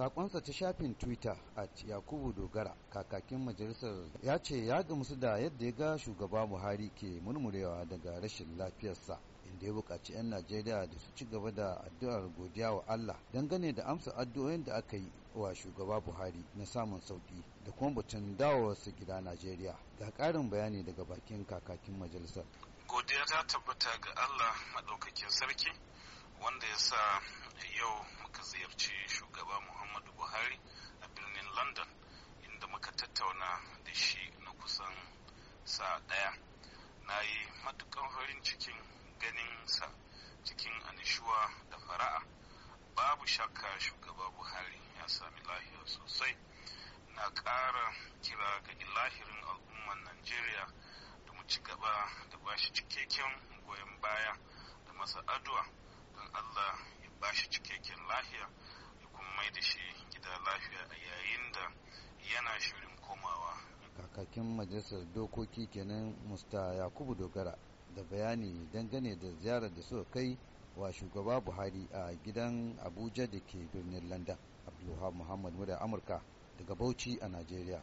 sakonsa ta shafin twitter a yakubu dogara kakakin majalisar ya ce ya gamsu da yadda ya ga shugaba buhari ke murmurewa daga rashin lafiyarsa inda ya buƙaci 'yan najeriya da su ci gaba da addu'ar godiya wa allah dangane da amsa addu'o'in da aka yi wa shugaba buhari na samun sauki da kuma batun dawowarsa gida najeriya ga ƙarin bayani daga bakin kakakin majalisar godiya ta tabbata ga allah maɗaukakin sarki wanda ya sa yau muka ziyarci shugaba ɗaya na yi matukan farin cikin ganinsa cikin anishuwa da fara'a babu shakka shugaba buhari ya sami lahiya sosai na ƙara kira ga ilahirin al'umman najeriya da mu ci gaba da bashi cikakken goyon baya da masa addu'a don allah ya bashi cikakken lahiya da kuma mai da shi gida lafiya a yayi kakakin majalisar dokoki kenan musta yakubu dogara da bayani dangane da ziyarar da suka kai wa shugaba buhari a gidan abuja da ke birnin london abdulhamid muhammad murar amurka daga bauchi a najeriya